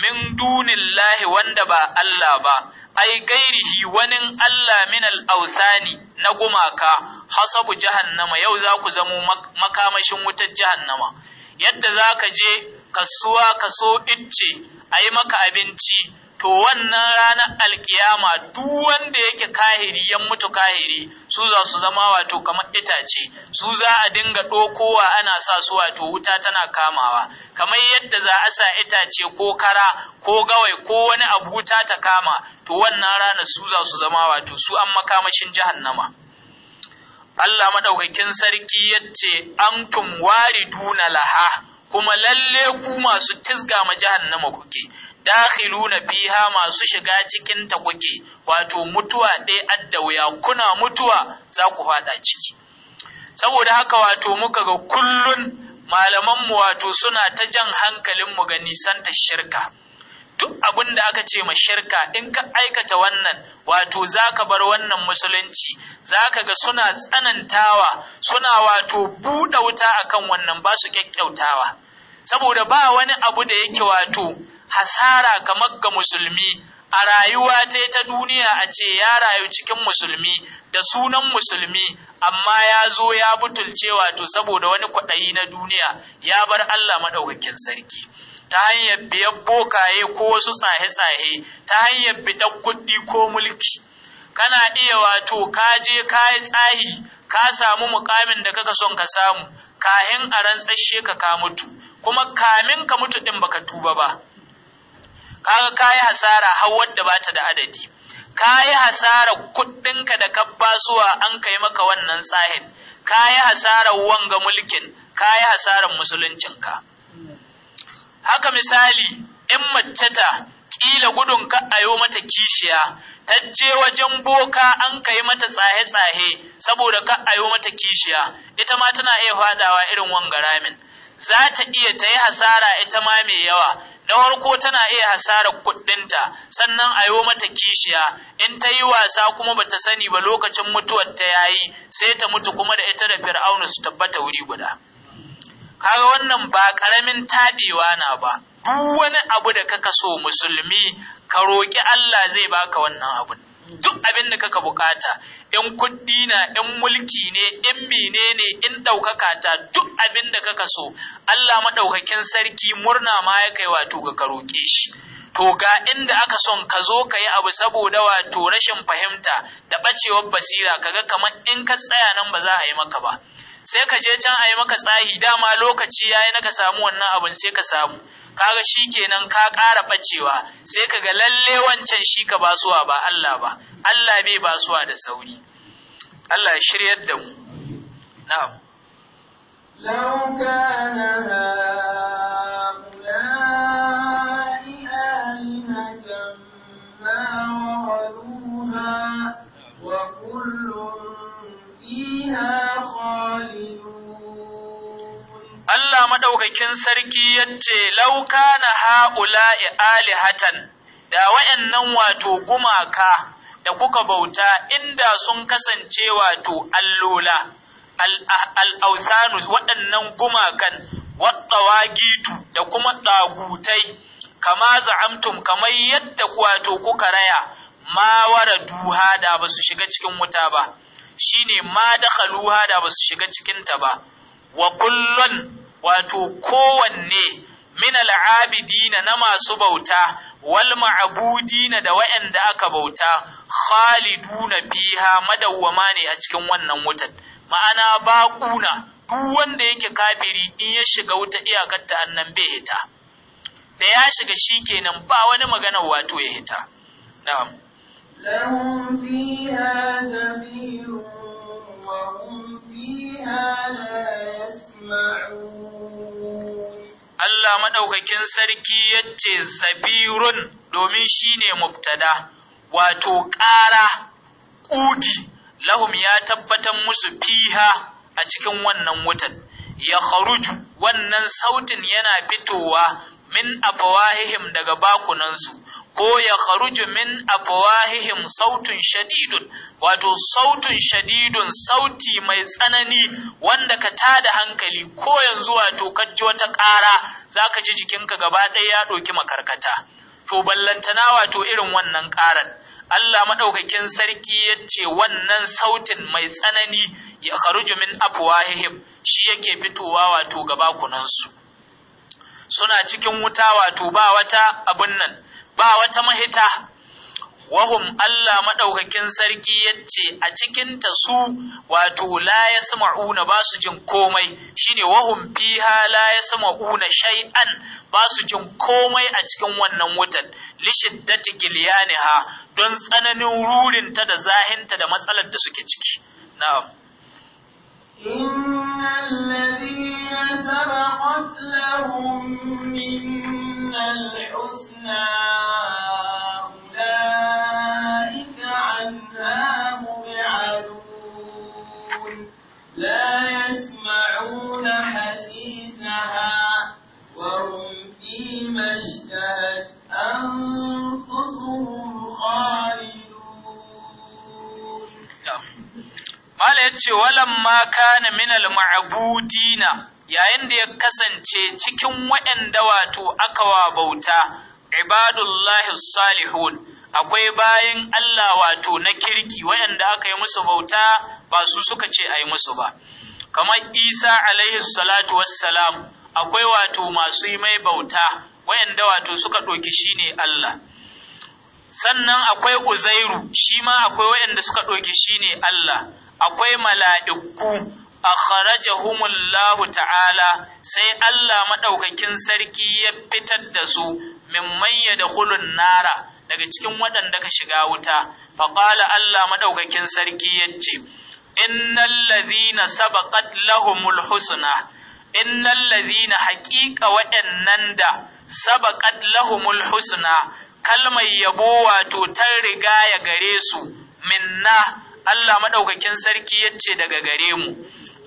min dunillahi wanda ba Allah ba ai gairihi wani Allah min al awsani na gumaka hasabu jahannama yau za ku zamo makamashin wutar jahannama yadda za ka je kasuwa ka so icce ayi maka abinci to wannan ranar alkiyama duk wanda yake kahiri ya mutu kahiri su za su zama wato kamar itace su za a dinga ɗokowa ana sa su wato wuta tana kamawa kamar yadda za a sa itace ko kara ko gawai ko wani abu wuta ta kama to wannan ranar su za su zama wato su an makamashin jahannama Allah madaukakin sarki yace antum wariduna laha kuma lalle ku masu tisga ma jahannama kuke dakhiluna fiha masu shiga cikin ta kuke wato mutuwa ɗaya adda kuna mutuwa za ku fada ciki saboda haka wato muka ga kullun malaman mu wato suna ta jan hankalin mu ga nisan ta shirka duk abin da aka ce ma shirka in ka aikata wannan wato zaka bar wannan musulunci zaka ga suna tsanantawa suna wato buɗe wuta akan wannan ba su kyakkyautawa saboda ba wani abu da yake wato hasara kamar ga musulmi a rayuwa ta ta duniya a ce ya rayu cikin musulmi da sunan musulmi amma ya zo ya butulce wato saboda wani kwaɗayi na duniya ya bar Allah maɗaukakin sarki ta hanyar biyar bokaye ko wasu tsahe-tsahe ta hanyar biɗa kuɗi ko mulki kana iya wato ka je ka yi tsahi ka samu mukamin da kaka son ka samu kahin a rantsashe ka ka mutu kuma kamin ka mutu ɗin baka tuba ba kaga kayi hasara har wadda ba ta da adadi kayi hasara kuɗinka da ka basuwa an kai maka wannan tsahin kayi hasara wanga mulkin kayi hasaran musuluncinka haka misali in mace ta kila gudun ka ayo mata kishiya ta je wajen boka an kai mata tsahe-tsahe saboda ka ayo mata kishiya ita ma tana iya fadawa irin wanga ramin za ta iya ta yi hasara ita ma mai yawa dawar farko tana iya hasara kuɗinta sannan a yi mata kishiya in ta yi wasa kuma ba ta sani ba lokacin mutuwar ta yayi sai ta mutu kuma da ita da fir'aunu su tabbata wuri guda kaga wannan ba karamin taɗewa na ba duk wani abu da kaka so musulmi ka roƙi Allah zai baka wannan abun duk abin da kaka bukata in kuɗi na in mulki ne in menene in ɗaukaka ta duk abin da kaka so Allah maɗaukakin sarki murna ma ya kai wato ga karoke shi to ga inda aka son ka zo ka yi abu saboda wato rashin fahimta da ɓacewar basira kaga kamar in ka tsaya nan ba za a yi maka ba sai ka je can a yi maka tsahi dama lokaci yayi na ka samu wannan abin sai ka samu kaga shikenan ka ƙara bacewa sai kaga lalle wancan shi ka basuwa ba Allah ba Allah bai basuwa da sauri Allah ya shiryar da mu na'am law kana هؤلاء وكل فيها خالدون Allah maɗaukakin sarki ya ce, Lauka na ha'ula'i alihatan, da wa'yannan wato gumaka da kuka bauta inda sun kasance wato allola, al'ausanus waɗannan gumakan, gitu da kuma ɗagutai, kama za'amtum kamar yadda wato kuka raya, ma wara duha da ba su shiga cikin wuta ba, shine ne ma da da ba su shiga cikinta ba. wa kullun wato kowanne min al'abidina na masu bauta wal na da wa'anda aka bauta khaliduna fiha madawwama ne a cikin wannan wutan, ma'ana baquna duk wanda yake kafiri in ya shiga wuta iyakar ta annan bai hita da ya shiga shikenan ba wani magana wato ya hita na'am lahum fiha wa hum fiha la Allah maɗaukakin sarki ya ce zabirun domin shi ne mubtada, wato ƙara ƙudi. lahum ya tabbatar musu fiha a cikin wannan wutan, ya wannan sautin yana fitowa min afwahihim daga bakunansu ko ya kharuju min afwahihim sautun shadidun wato sautun shadidun sauti mai tsanani wanda ka tada hankali ko yanzu wato ka ji wata ƙara zaka ji jikinka gaba ɗaya ya ɗauki makarkata to ballantana wato irin wannan ƙaran Allah madaukakin sarki ya ce wannan sautin mai tsanani ya kharuju min afwahihim shi yake fitowa wato gaba kunansu suna cikin wuta wato ba wata abun nan ba wata mahita wahum Allah madaukakin sarki yace a cikin ta su wato la yasma'una ba su jin komai shine wahum fiha la yasma'una shay'an ba su jin komai a cikin wannan wutan li shiddati gilyaniha don tsananin rurin ta da zahinta da matsalar da suke ciki na'am innal سبقت لهم منا الحسنى أولئك عنها مبعدون لا يسمعون حسيسها وهم فيما اشتهت أنفسهم خالدون Mala ya ce, Walan ma kana minal yayin da ya kasance cikin waɗanda wato aka wa bauta ibadullahi salihun akwai bayan Allah wato na kirki waɗanda aka yi musu bauta ba su suka ce a yi musu ba kamar Isa alaihi salatu wassalam akwai wato masu yi mai bauta waɗanda wato suka ɗoki shi ne Allah sannan akwai Uzairu shi ma akwai waɗanda suka ɗoki shi ne Allah akwai mala'iku akharajahumullahu ta'ala sai Allah maɗaukakin sarki ya fitar da su da yadkhulun nara daga cikin waɗanda ka shiga wuta faqala Allah maɗaukakin sarki yace innal ladhina sabaqat lahumul husna innal ladhina haqiqa waɗannan da sabaƙat lahumul husna kalmar yabo wato ta riga ya gare su minna Allah maɗaukakin sarki yace daga gare mu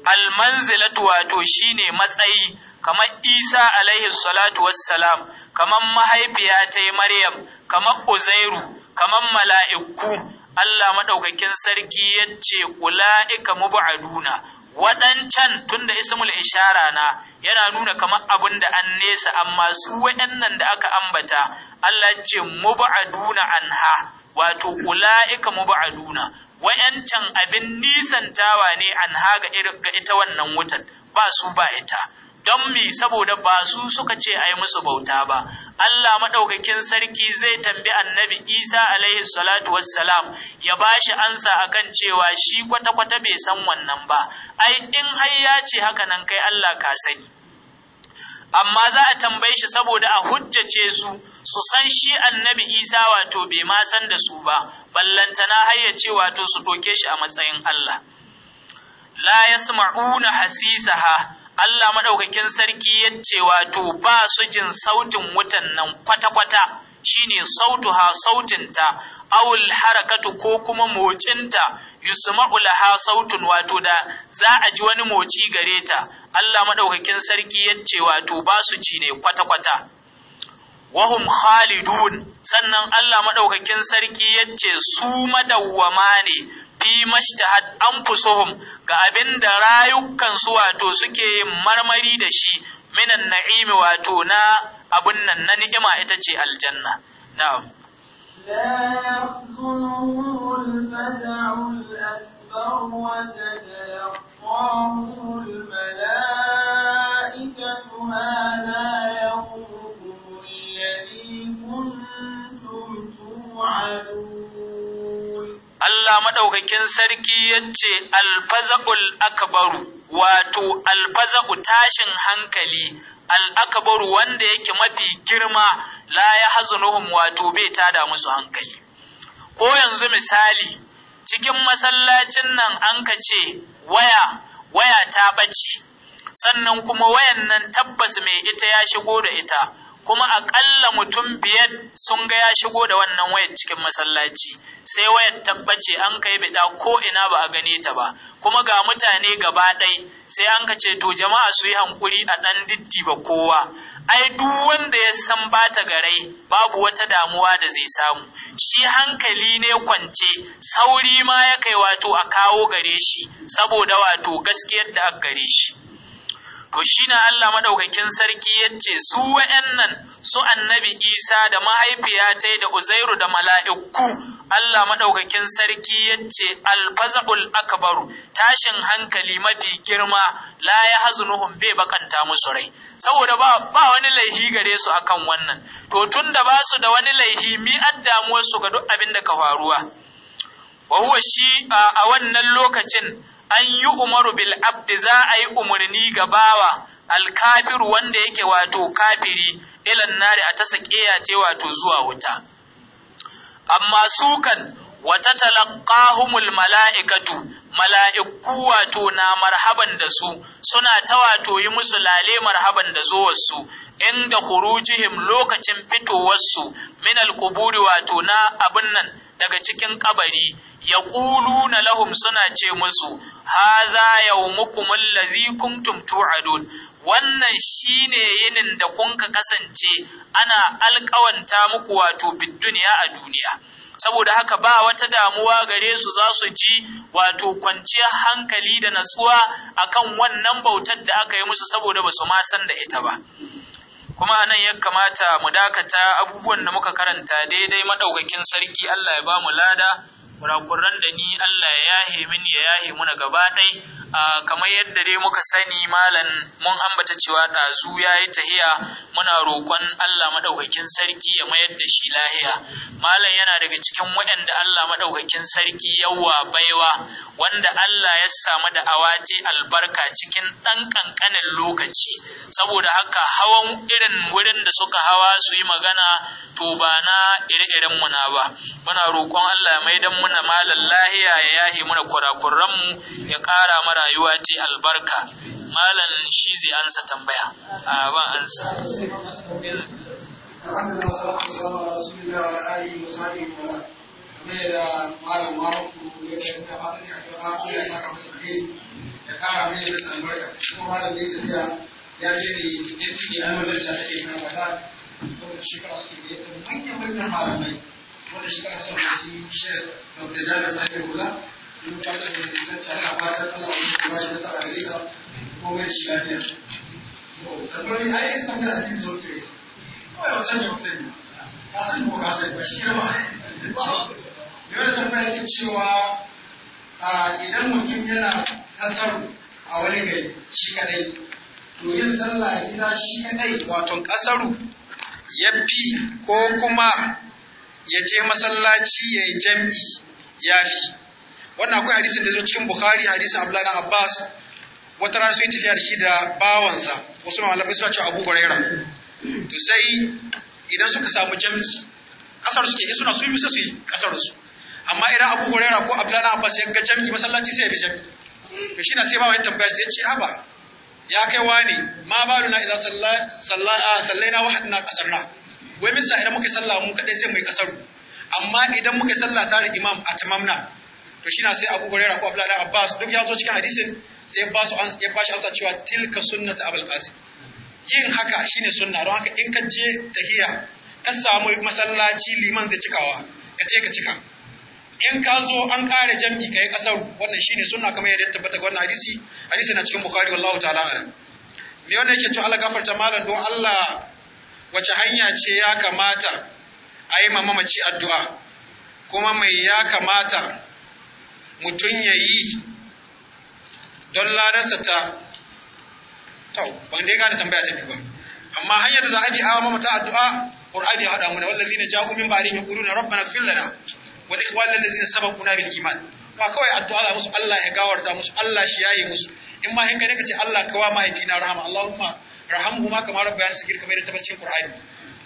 almanzilatu wato shine matsayi kamar Isa alaihi salatu wassalam kamar mahaifiya ta Maryam kamar Uzairu kamar mala'iku Allah maɗaukakin sarki yace ulaika mubaduna waɗancan tunda ismul ishara na yana nuna kamar abin da an nesa amma su waɗannan da aka ambata Allah ce mubaduna anha wato ulaika mubaduna wa'yancan abin nisantawa ne an haga ga ita wannan wutan ba su ba ita don mi saboda ba su suka ce a yi musu bauta ba Allah maɗaukakin sarki zai tambi annabi Isa alaihi salatu wassalam ya ba shi ansa akan cewa shi kwata-kwata bai san wannan ba ai in har ce haka nan kai Allah ka sani amma za a tambaye shi saboda a hujjace su su san shi annabi isa wato bai ma san da su ba ballantana hayyace wato su doke shi a matsayin Allah la yasma'una hasisaha Allah madaukakin sarki yace wato ba su jin sautin wutan nan kwata-kwata shine sautuha sautinta awul harakatu ko kuma mocinta yusma'u laha sautun wato da za a ji wani moci gare ta Allah madaukakin sarki yace wato ba su ci ne kwata kwata wahum khalidun sannan Allah madaukakin sarki yace su madawwama ne fi mashtahat anfusuhum ga abinda rayukan su wato suke yin marmari da shi minan na'imi wato na abun nan na ni'ima ita ce aljanna na'am لا Allah maɗaukakin sarki ya ce alfaza'ul akbaru wato alfaza'u tashin hankali al'akabaru wanda yake mafi girma la ya hazunuhum wato bai tada musu hankali ko yanzu misali cikin masallacin nan an ka ce waya waya ta bace sannan kuma wayan nan tabbas mai ita ya shigo da ita kuma aƙalla mutum biyar sun ga ya shigo da wannan wayar cikin masallaci sai wayar tabbace an kai bida ko ina ba a gane ta ba kuma ga mutane gaba ɗai sai an ka ce to jama'a su yi hankuri a ɗan diddi ba kowa ai duk wanda ya san bata garai babu wata damuwa da zai samu shi hankali ne kwance sauri ma ya kai wato a kawo gare shi saboda wato gaskiyar da aka gare shi to shi na Allah maɗaukakin sarki ya ce su wa'yannan su annabi Isa da mahaifiya ta yi da Uzairu da mala'iku Allah maɗaukakin sarki ya ce alfaza'ul akbaru tashin hankali mafi girma la ya nuhun bai bakanta musu rai saboda ba wani laihi gare su akan wannan to tun da ba su da wani laihi mi addamuwar su ga duk abin da ka faruwa wa huwa shi a wannan lokacin an yi umaru bil abdi za a yi umarni ga bawa alkafiru wanda yake wato kafiri ilan nari a ta saƙiya ce wato zuwa wuta amma sukan wata talaqahumul mala'ikatu mala'iku wato na marhaban da su suna ta wato yi musu lale marhaban da zuwarsu inda khurujihim lokacin fitowarsu min alquburi wato na abin nan daga cikin kabari na lahum suna ce musu hadha muku ladhi kuntum tu'adun wannan shine yinin da kun ka kasance ana alƙawanta muku wato bid duniya a duniya saboda haka ba wata damuwa gare su za su ji wato kwanciyar hankali da natsuwa akan wannan bautar da aka yi musu saboda ba su ma san da ita ba kuma anan ya kamata mu dakata abubuwan da muka karanta daidai madaukakin sarki Allah ya ba mu lada kurakuran da ni Allah ya yahe min ya yahe muna gaba ɗai kamar yadda dai muka sani malam mun ambata cewa ɗazu ya yi tahiya muna roƙon Allah maɗaukakin sarki ya mayar da shi lahiya malam yana daga cikin waɗanda Allah maɗaukakin sarki yawa baiwa wanda Allah ya samu da awace albarka cikin ɗan ƙanƙanin lokaci saboda haka hawan irin wurin da suka hawa su yi magana to ba na ire-iren muna ba muna roƙon Allah ya maidan mu muna malan lahiya ya yahi muna kurakuranmu ya ƙara ma rayuwa ce albarka malan shi zai ansa tambaya a ban ansa ya ce ya ce ya nuna da ta ake na ba ta shi ka da ne ta manyan manyan malamai wanda shi kana son shi shi Dr. Jami'a Sahib Kula in ba ta da inganta a fatan Allah ya kuma shi nasara gare sa ko mai shi lafiya. Tambayoyi ai sun da abin so ke. Kawai ba sani ba sani ba. Ka sani ko ka sani ba shi ne ba. Yau tambaya yake cewa idan mutum yana kasar a wani gari shi kadai to yin sallah ina shi kadai wato kasaru yafi ko kuma ya je masallaci ya yi jam'i ya fi wannan akwai hadisin da zo cikin bukhari hadisin abdullahi na abbas wata rana sun tafiya da shi da bawansa wasu malamai suna cewa abu huraira to sai idan suka samu jam'i kasar suke yi suna su yi su yi kasar su amma idan abu huraira ko abdullahi na abbas ya ga jam'i masallaci sai ya bi jam'i to shi na sai bawa ya tambaya sai ya ce haba ya kai wani ma na idan sallaina wahadna kasarna wai misa idan muka sallah mu kadai sai mu yi kasaru amma idan muka sallah tare imam a tamamna to shi na sai Abu Hurairah ko Abdullah Abbas duk ya zo cikin hadisin sai ba su an ya bashi ansa cewa tilka sunnatu Abul Qasim yin haka shine sunna don haka in ka je tahiya ka samu masallaci liman zai cikawa ka je ka cika in ka zo an kare jam'i kai kasar wannan shine sunna kamar yadda tabbata ga wannan hadisi hadisi na cikin Bukhari wallahu ta'ala alam me wannan yake cewa Allah gafarta malam don Allah wace hanya ce ya kamata a yi mamaci addu'a kuma mai ya kamata mutum ya yi don ladarsa ta tau ban dai gane tambaya ta ba amma hanyar da za a bi awa mamata addu'a ƙur'ani ya haɗa muna wallazi na jago min a ya ƙuru na rabbana fillana wa ikhwan lallazina kuna bil iman ba kawai addu'a za musu Allah ya gawarta musu Allah shi yayi musu in ma hinka ne ce Allah kawa na rahama Allahumma rahamhuma kamar bayan sigir kamar da tabbacin Qur'ani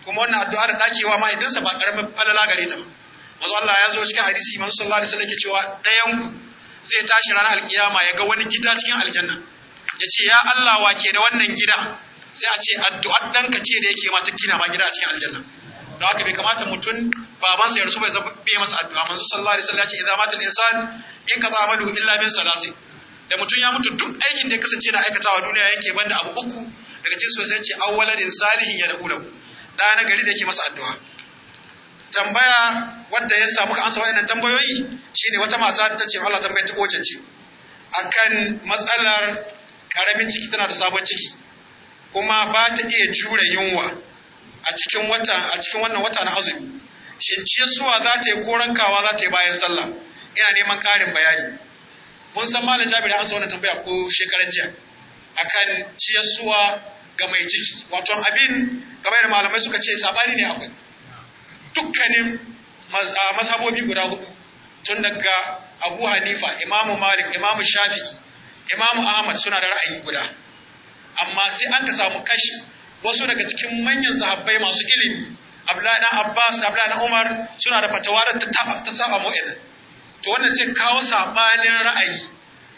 kuma wannan addu'a da take wa mahaifinsa ba karamin falala gare ta ba Allah ya zo cikin hadisi Imam sallallahu alaihi wasallam ke cewa dayan ku zai tashi ranar alkiyama ya ga wani gida cikin aljanna ya ce ya Allah wa ke da wannan gida sai a ce addu'ar ka ce da yake ma gina ma gida a cikin aljanna da haka bai kamata mutum sa ya rasu bai zama bai masa addu'a manzo sallallahu alaihi wasallam ya ce idza matal al-insan in kaza amalu illa min salasi da mutum ya mutu duk aikin da ya kasance na aikatawa duniya yake banda abu uku daga cikin sosai ce awwaladin salihin ya da'u lahu da na gari da yake masa addu'a tambaya wadda ya samu ka ansa wayannan tambayoyi shine wata mata ta ce Allah tambaye ta kowace ce akan matsalar karamin ciki tana da sabon ciki kuma ba ta iya jure yunwa a cikin wata a cikin wannan wata na azumi shin suwa za ta yi ko za ta yi bayan sallah ina neman karin bayani mun san malam Jabir an sa wannan tambaya ko shekaran jiya akan suwa. ga mai ciki wato abin kamar da malamai suka ce sabani ne akwai dukkanin masabobi guda hudu tun daga Abu Hanifa Imam'u Malik Imam'u Shafi, Imam'u Ahmad suna da ra'ayi guda amma sai an ka samu kashi wasu daga cikin manyan sahabbai masu ilimi Abdullahi Abbas Abdullahi Umar suna da fatawa da ta saba mu'in to wannan sai kawo sabanin ra'ayi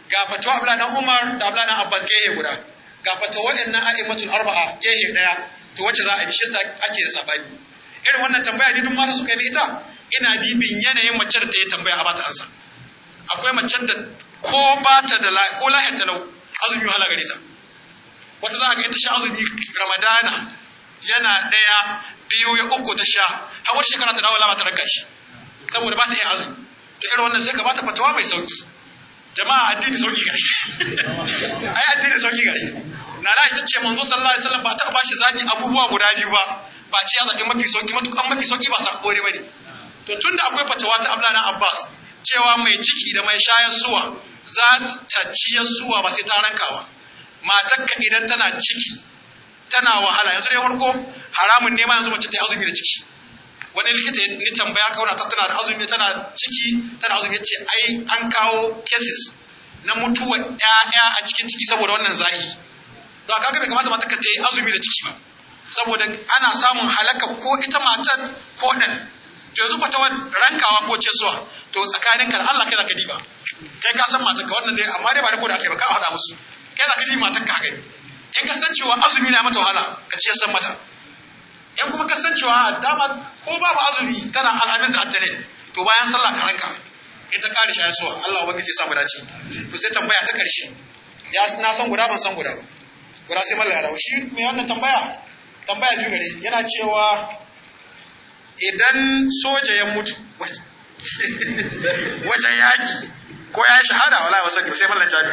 ga fatawa Abdullahi Umar da Abdullahi Abbas gaya guda ga fata waɗannan a'imatul arba'a gehe daya to wace za a bi shi ake da sabani irin wannan tambaya didin mata suka yi ita ina bibin yanayin mace da ta yi tambaya a bata ansa akwai mace da ko bata da ko ta talau azumi wahala gare ta wata za a ga ita sha azumi ramadana yana daya biyu ya uku ta sha har wata shekara ta dawo lama ta ranka saboda ba ta iya azumi to irin wannan sai ka bata fatawa mai sauki jama'a addini sauki gari [laughs] ai addini sauki gari na rashi ta ce manzo sallallahu alaihi wasallam ba ta bashi zaki abubuwa guda biyu ba ba ce ya zabi mafi sauki matukan mafi sauki ba sakore ne bane to tunda akwai fatawa ta Abdullahi Abbas cewa mai ciki da mai shayar suwa za ta ci suwa ba sai ta rankawa matarka idan tana ciki tana wahala yanzu dai farko haramun ne ma yanzu mace ta yi azumi da ciki wani likita ni tambaya kauna ta tana da azumi tana ciki tana azumi yace ai an kawo cases na mutuwa ƴaƴa a cikin ciki saboda wannan zahi to kaga bai kamata mata ka tayi azumi da ciki ba saboda ana samun halaka ko ita matar ko ɗan to yanzu ba ta rankawa ko ce suwa to tsakanin ka Allah kai zaka ba, kai ka san matar ka wannan dai amma dai ba da ko da kai ba ka hada musu kai zaka di matar ka haka in ka san cewa azumi na mata wahala ka ce san mata in kuma kasancewa dama ko babu azumi tana alhamis da attanin to bayan sallah ka ranka in ta kare shayar suwa Allah wa bangiji samu dace to sai tambaya ta karshe ya na san guda ban san guda ba guda sai mallan yarawo shi mai wannan tambaya tambaya biyu gare yana cewa idan soja ya mutu wajen [laughs] yaki ko ya shahada wala wasa sai mallan jabi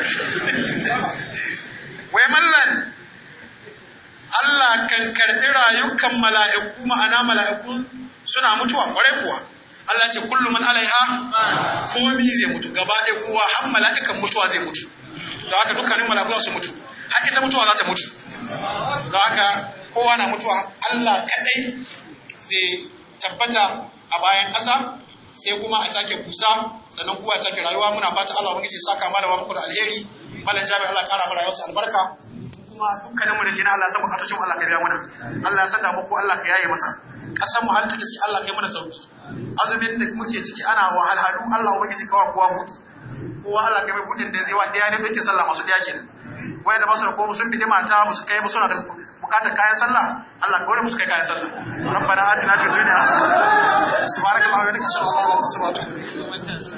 [laughs] wai mallan Allah kan karɓi rayukan mala'iku ma'ana mala'iku suna mutuwa ƙwarai kuwa Allah ce kullum man alaiha komi zai mutu gaba ɗaya kowa har mala'ikan mutuwa zai mutu da haka dukkanin mala'iku su mutu har ita mutuwa za ta mutu da haka kowa na mutuwa Allah kaɗai zai tabbata a bayan ƙasa sai kuma a sake kusa sannan kowa ya sake rayuwa muna fata Allah wani zai saka mana wa muku da alheri malam jami'a Allah ƙara mara rayuwarsa albarka dukkanin mu da ke na Allah san bukatocin Allah ka biya mana Allah san da mu ko Allah ka yaye masa kasan mu har take ci Allah kai mana sauki azumin da muke ciki ana wahalhalu Allah ubangiji kawa kowa buɗi kowa Allah kai mai buɗin da zai wa daya ne da yake sallah masu daya kenan Wai da masu da ko sun bi mata musu kai musu suna da bukatar kayan sallah Allah ka wani musu kai kayan sallah rabbana atina fid dunya hasanatan subhanaka wa bihamdika ashhadu an la ilaha illa anta astaghfiruka wa atubu